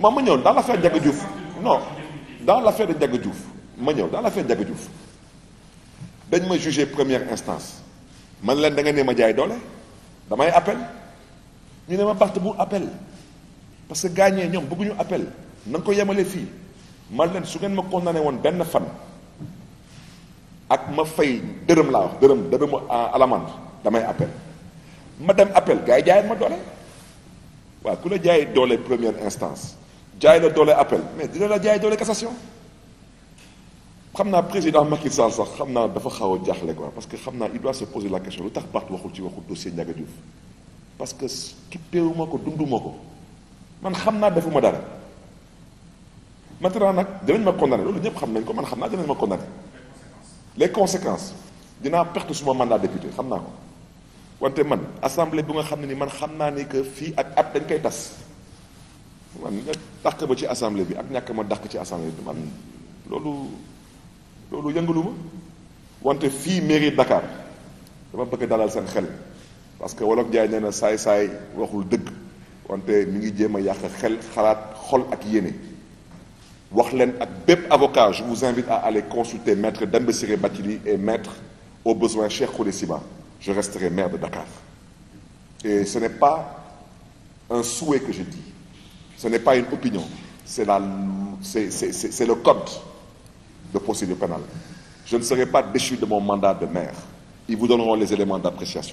ma ma ñëw dans l'affaire Ndiaga Diouf non dans l'affaire de Ndiaga Diouf ma ñëw dans l'affaire Ndiaga Diouf dañ ma jugé première instance man leen da nga ne ma jaay doole damay appel ñu ne ma baxte bu appel parce que gaañee ñoom bëgguñu appel na nga ko yemale fii man leen su ngeen ma condamné woon benn fan ak ma fay dërëm laa wax dërëm dërëmu euh, à l'amende damay appel ma dem appel gars yi jaay ma doole waaw ku la jaay doole première instance jaay la doole appel mais dina la jaay doole cassation xam naa président Macky Sall sax xam naa dafa xaw a jaaxle ko parce que xam naa il doit se poser la question lu tax Barth waxul ci waxul dossier Ndiaga Diouf parce que kippeewuma ko dunduma ko man xam naa defuma dara maintenant nag dinañ ma condamné loolu ñëpp xam nañ ko man xam naa dinañ ma condamné les conséquence dinaa perte suma mandat député xam naa ko wante man assemblée bu nga xam ne nii man xam naa ni que fii ak at dañ koy tas man nga dàq ba ci assemblée bi ak ñàkk ma dàq ci assemblée bi man loolu loolu yëngalu ma wante fii mairie Dakar dama bëgg dalal seen xel parce que wolof Njaay nee saay-saay waxul dëgg wante mi ngi jéem a yàq xel xalaat xol ak yéene wax leen ak bépp avocat je vous invite à aller consulter maître Demba Ciré Bathily et maître au besoin Cheikh Koureyssi Ba je resterai maire de Dakar et ce n'est pas un souhait que je dis Ce n'est pas une opinion, c'est le code de procédure pénale. Je ne serai pas déchu de mon mandat de maire. Ils vous donneront les éléments d'appréciation.